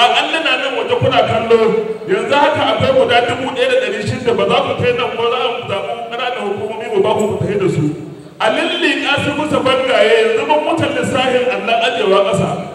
ga Allah na nan waje kuna kallo yanzu haka akwai guda dubu ɗaya da ɗari shida ba za ku kai nan ko za ku zaɓi ƙananan hukumomi ba ba ku kai da su a lilli ƙasa kusa bangaye yanzu ban mutan lissafin Allah ajewa ƙasa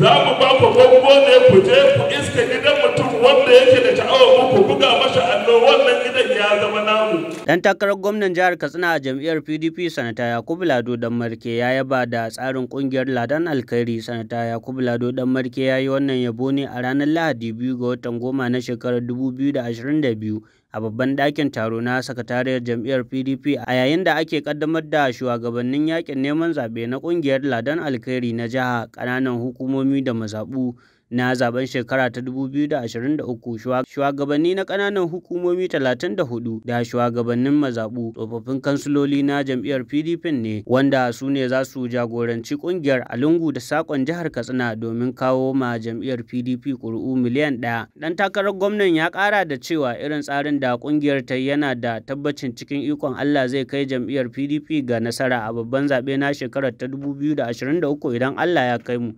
za mu ba ku ne ku je ku iska gidan mutum wanda yake da sha'awar ku buga masa allo wannan gidan ya zama namu. Dan takarar gwamnan jihar Katsina a jam'iyyar PDP sanata Yakubu Lado Danmarke ya yaba da tsarin kungiyar Ladan Alkhairi sanata Yakubu Lado Danmarke ya yi wannan yabo ne a ranar Lahadi biyu ga watan goma na shekarar 2022 a babban ɗakin taro na sakatariyar jam'iyyar pdp a yayin da ake kaddamar da shugabannin yakin neman zaɓe na ƙungiyar ladan alkhairi na jiha ƙananan hukumomi da mazaɓu na zaben shekara ta 2023 shugabanni na ƙananan hukumomi 34 da shugabannin mazabu tsofaffin kansuloli na jam'iyyar pdp ne wanda su ne za su jagoranci ƙungiyar a lungu da sakon jihar katsina domin kawo ma jam'iyyar pdp ƙuri'u miliyan ɗaya Dan takarar gwamnan ya kara da cewa irin tsarin da ƙungiyar ta yana da tabbacin cikin ikon allah zai kai jam'iyyar pdp ga nasara a babban zabe na shekarar ta 2023 idan allah ya kai mu.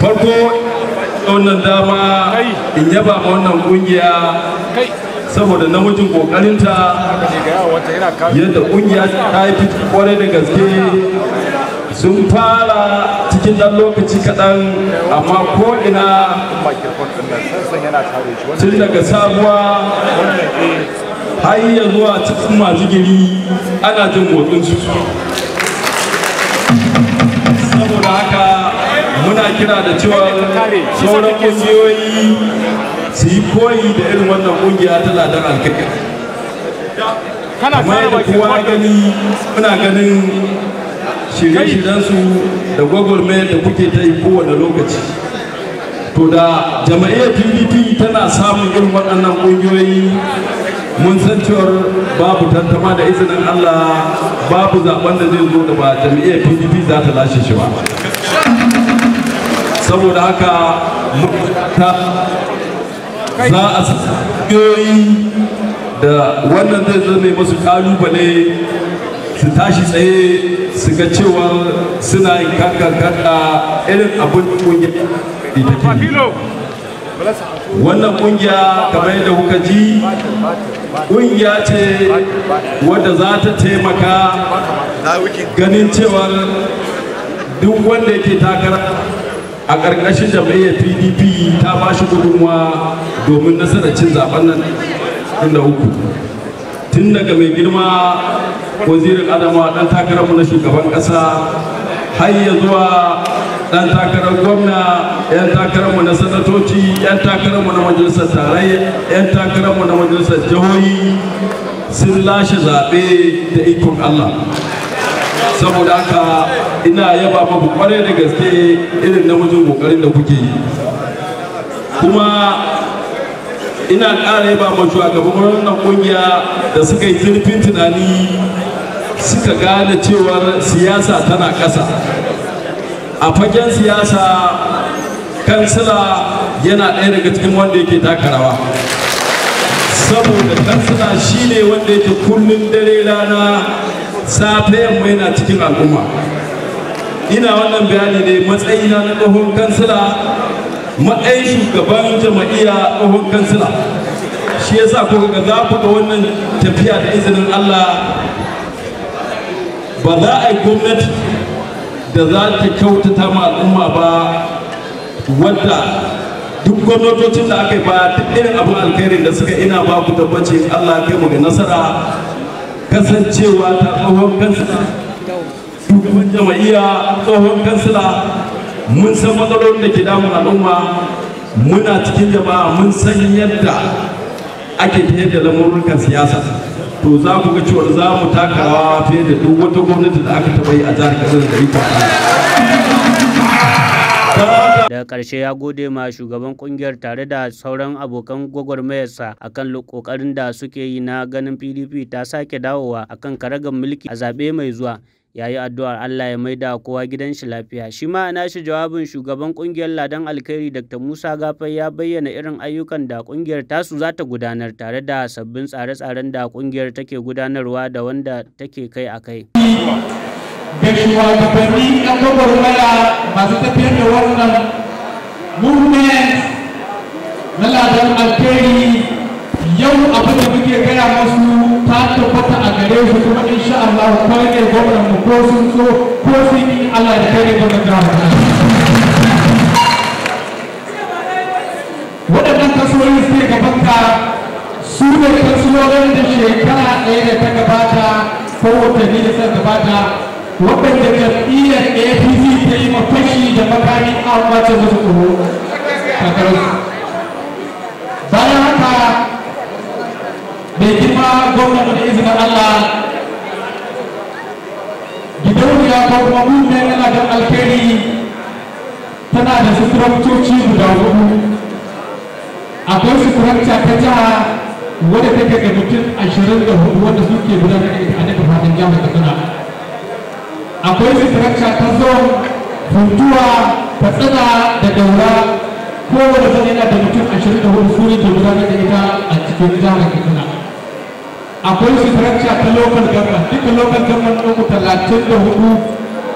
farko wannan dama in yaba ma wannan kungiya saboda namijin kokarinta yadda kungiya ta yi fiti kwarai da gaske sun fara cikin dan lokaci kaɗan amma ko ina tun daga sabuwa har zuwa cikin masu giri ana jin motsin su saboda haka muna kira da cewa sauran kungiyoyi su yi koyi da irin wannan kungiya ta ladar alkaka kuma da kowa gani muna ganin shirye-shiryensu da gwagwarmayar da kuke ta yi kowane lokaci to da jama'iyyar pdp tana samun irin waɗannan ƙungiyoyi mun san cewar babu tantama da izinin allah babu zaben da zai zo da ba jama'iyyar pdp za ta lashe shi ba saboda haka mutunta za a sanyoyi da wannan zai zane masu kalubale su tashi tsaye su ga cewa suna yin kankankanta irin abin kungiyar wannan kungiya kamar yadda kuka ji kungiya ce wadda za ta taimaka ganin cewa duk wanda yake takara a ƙarƙashin jam'iyyar pdp ta ba shi gudunmuwa domin nasarar cin zaben nan inda uku tun daga mai girma wazirin adamawa ɗan takararmu na shugaban ƙasa har ya zuwa ɗan takarar gwamna 'yan takararmu na sanatoci 'yan takararmu na majalisar tarayya 'yan takararmu na majalisar jihohi sun lashe zaɓe da ikon allah saboda haka ina yaba muku kware da gaske irin na namijin kokarin da kuke yi kuma ina ƙara yaba ma shugaban wannan kungiya da suka yi zurfin tunani suka gane cewar siyasa tana ƙasa a fagen siyasa kansila yana ɗaya daga cikin wanda yake takarawa. saboda kansila shine wanda yake kullum dare rana safe yamma yana cikin al'umma ina wannan bayani ne matsayina na tsohon kansila matsayin shugaban jama'iya tsohon kansila shi ya sa ko ga za ga wannan tafiya da izinin Allah ba za a yi gwamnati da za ta kyautata ma al'umma ba wadda duk gwamnatocin da aka yi ba duk irin abin alkhairin da suka ina ba ku tabbacin Allah ya kai mu ga nasara kasancewa ta tsohon kansila shugaban jama'iyya tsohon kansila mun san matsalolin da ke damun al'umma muna cikin jama'a mun san yadda ake tafiyar da lamurrukan siyasa to za ku ga cewa za mu taka rawa fiye da duk wata gwamnati da aka taɓa yi a jihar kaduna da ita daga karshe ya gode ma shugaban kungiyar tare da sauran abokan gwagwarmayarsa akan kokarin da suke yi na ganin pdp ta sake dawowa akan karagar mulki a zaɓe mai zuwa ya yi addu'ar Allah ya maida kowa gidan shi lafiya shi ma na shi jawabin shugaban kungiyar ladan alkhairi Dr. Musa Gafai ya bayyana irin ayyukan da kungiyar tasu za ta gudanar tare da sabbin tsare-tsaren da kungiyar take gudanarwa da wanda take kai a kai da shugabanni yan gwagwarmaya masu tafiyar da wannan movement na ladan alkhairi yau abin da muke gaya masu ta tabbata a gare su kuma insha Allah kwanar gwamnan mu ko sun so ko sun yi Allah da kare gwamnan gaba waɗannan kasuwoyi sai gaban ka su ne kasuwoyin da shekara ɗaya da ta gabata ko watanni da ta gabata waɗanda jam'iyyar apc ta yi mafashi da makami an wace musu kuro bayan haka mai girma gwamnati da izinin allah gidauniya ko kuma mummen yana da alkhairi tana da suturantoci guda hudu akwai suturanta ta jiha wadda take ga mutum ashirin da hudu wanda suke gudanar da ita a daga fatan jihar katsina akwai sitirakta ta zon hutuwa ta tsada da daura kowane zan yana da mutum ashirin da hudu su da gudanar da ita a cikin jihar katsina akwai sitirakta ta lokal gamba duka lokal gamba ɗin talatin da hudu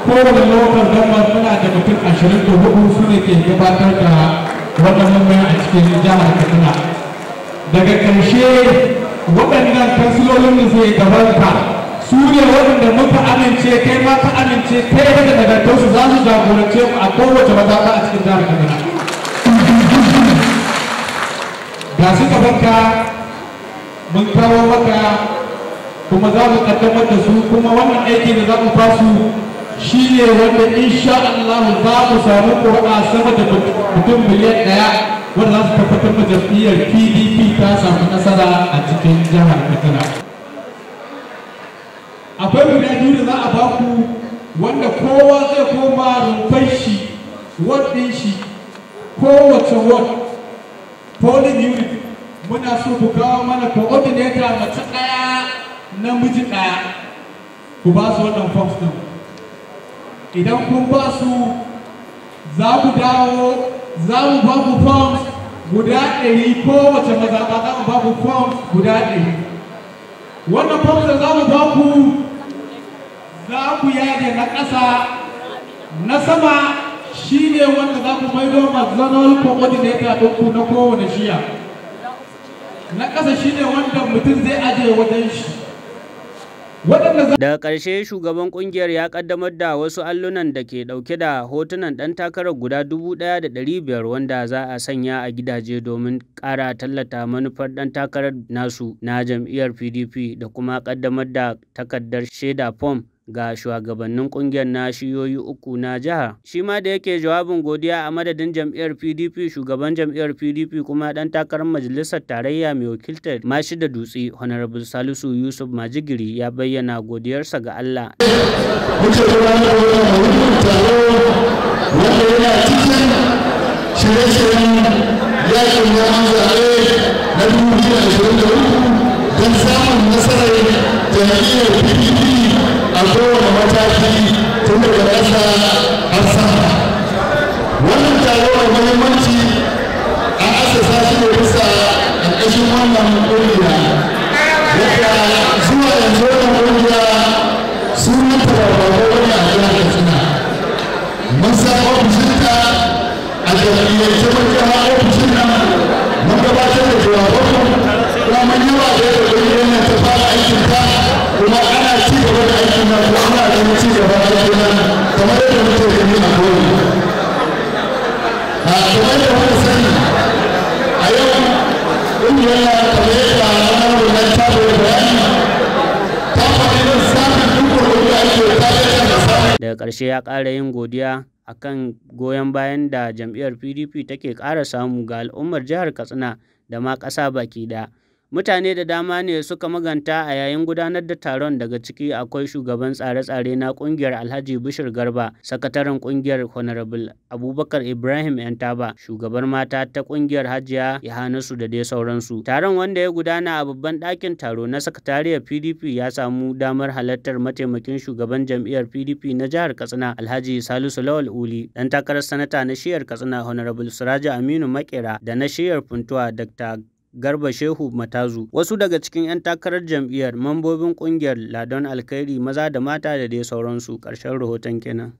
kowane lokal gamba muna da mutum ashirin da hudu suna ke gabatar da wannan mamaya a cikin jihar katsina daga ƙarshe waɗannan kansilolin da zai gabata su ne waɗanda muka amince kai ma ka amince kai daga nagartarsu za su jagorance mu a kowace mataka a cikin jihar kaduna ga su gabanka mun kawo maka kuma za mu ƙaddamar da su kuma wannan aiki da za mu fasu shi ne wanda insha Allah za mu samu ƙura sama da mutum miliyan ɗaya wanda za su tabbatar da jam'iyyar pdp ta samu nasara a cikin jihar kaduna akwai guda biyu da za a ba ku wanda kowa zai koma rumfai shi ward ɗin shi kowace ward polin unit muna so ku kawo mana coordinator mace ɗaya namiji ɗaya ku ba su wannan forms ɗin idan kun ba su za ku dawo za mu ba ku forms guda ɗari kowace mazaɓa za mu ba ku forms guda ɗari wannan forms da za mu ba ku za ku yage na ƙasa na sama shi ne wanda za ku maido mazanol coordinator ɗinku na kowane shiya na ƙasa shi ne wanda mutum zai ajiye wajen shi Daga ƙarshe shugaban ƙungiyar ya ƙaddamar da wasu allunan da ke ɗauke da hotunan ɗan takarar guda 1,500 wanda za a sanya a gidaje domin ƙara tallata manufar ɗan takarar nasu na jam'iyyar PDP da kuma ƙaddamar da takardar shaida fom ga shugabannin kungiyar na shiyoyi uku na jiha shi ma da yake jawabin godiya a madadin jam'iyyar pdp shugaban jam'iyyar pdp kuma dan takarar majalisar tarayya mai wakiltar mashi da dutse honorable salisu yusuf majigiri ya bayyana godiyarsa ga allah shirye-shiryen zaɓe na 2023 don samun nasarar jam'iyyar pdp a kowane mataki tun daga ƙasa har sama wannan taro da muhimmanci a asasa shi ne bisa ƙarƙashin wannan ƙungiya yadda zuwa yanzu wannan ƙungiya daga ƙarshe ya ƙara yin godiya a kan goyon bayan da jam'iyyar pdp take ƙara samu ga al'ummar jihar katsina da ma ƙasa baki ɗaya Mutane da dama ne suka maganta a yayin gudanar da taron daga ciki akwai shugaban tsare-tsare na kungiyar Alhaji Bishir Garba, sakataren kungiyar Honorable Abubakar Ibrahim Yantaba, shugabar mata ta kungiyar Hajiya Yahanasu da dai sauransu. Taron wanda ya gudana a babban ɗakin taro na sakatariyar PDP ya samu damar halartar mataimakin shugaban jam'iyyar PDP na jihar Katsina Alhaji Salisu Lawal Uli, ɗan takarar sanata na shiyar Katsina Honorable Suraja Aminu Makera da na shiyar Funtuwa Dr. Garba Shehu Matazu. Wasu daga cikin 'yan takarar jam'iyyar, mambobin ƙungiyar Ladon Alkhairi maza da mata da dai sauransu. Ƙarshen rahoton kenan.